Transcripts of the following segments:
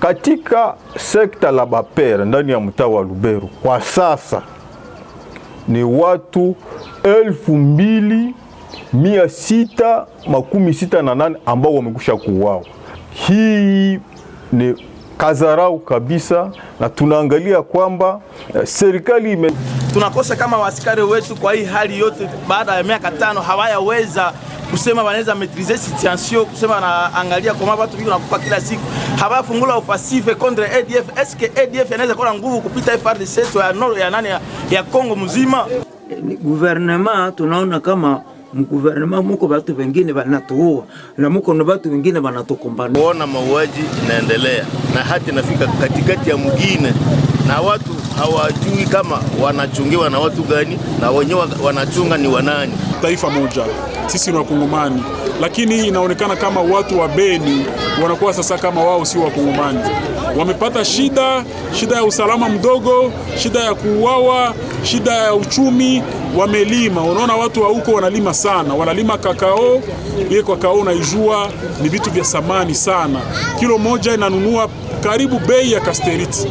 katika sekta la Bapere ndani ya mtaa wa Lubero kwa sasa ni watu elfu mbili mia sita makumi sita na nane ambao wamekusha kuuawa. Hii ni kazarau kabisa, na tunaangalia kwamba eh, serikali ime tunakosa kama wasikari wetu kwa hii hali yote, baada ya miaka tano hawayaweza kusema wanaweza maîtriser situation, kusema wanaangalia kama watu viko nakufa kila siku, habafungula offensive contre ADF. Est-ce que ADF anaweza kuwa na nguvu kupita FARDC ya nord ya nani ya Kongo mzima? Gouvernement tunaona kama mguvernema muko watu wengine wanatuua na muko na watu wengine wanatukombana, kuona mauaji inaendelea na hati nafika katikati ya mgine na watu hawajui kama wanachungiwa na watu gani na wenyewe wanachunga ni wanani. Taifa moja sisi ni Wakongomani, lakini inaonekana kama watu wa Beni wanakuwa sasa kama wao sio Wakongomani. Wamepata shida, shida ya usalama mdogo, shida ya kuuawa, shida ya uchumi. Wamelima, unaona watu wa huko wanalima sana, wanalima kakao. Ile kakao naijua ni vitu vya samani sana, kilo moja inanunua karibu bei ya kasteliti,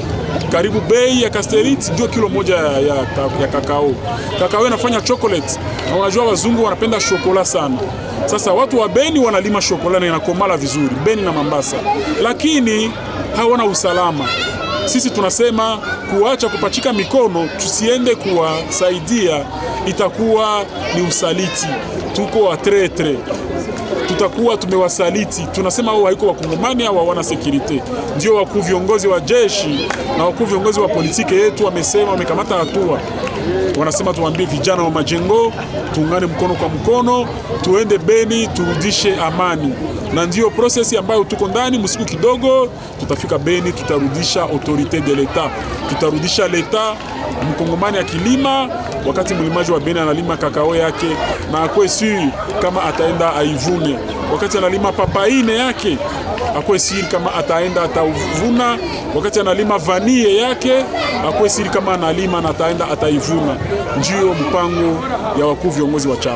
karibu bei ya kasteliti Seriti ndio kilo moja ya, ya, ya kakao. Kakao inafanya chocolate, na unajua wazungu wanapenda shokola sana. Sasa watu wa Beni wanalima shokola na inakomala vizuri Beni na Mambasa, lakini hawana usalama. Sisi tunasema kuacha kupachika mikono, tusiende kuwasaidia, itakuwa ni usaliti. Tuko watretre tutakuwa tumewasaliti. Tunasema wao haiko wakongomani au hawana sekurite. Ndio wakuu viongozi wa jeshi na wakuu viongozi wa politiki yetu wamesema, wamekamata hatua wanasema tuambie vijana wa majengo tuungane mkono kwa mkono, tuende Beni turudishe amani, na ndiyo prosesi ambayo tuko ndani. Msiku kidogo tutafika Beni, tutarudisha autorite de l'etat, tutarudisha leta. Mkongomani kilima wakati mlimaji wa Beni analima kakao yake na akwesi kama ataenda aivune, wakati analima papaine yake akuwe siri kama ataenda atauvuna, wakati analima vanie yake akuwe siri kama analima na ataenda ataivuna. Ndio mpango ya wakuu viongozi wa chama.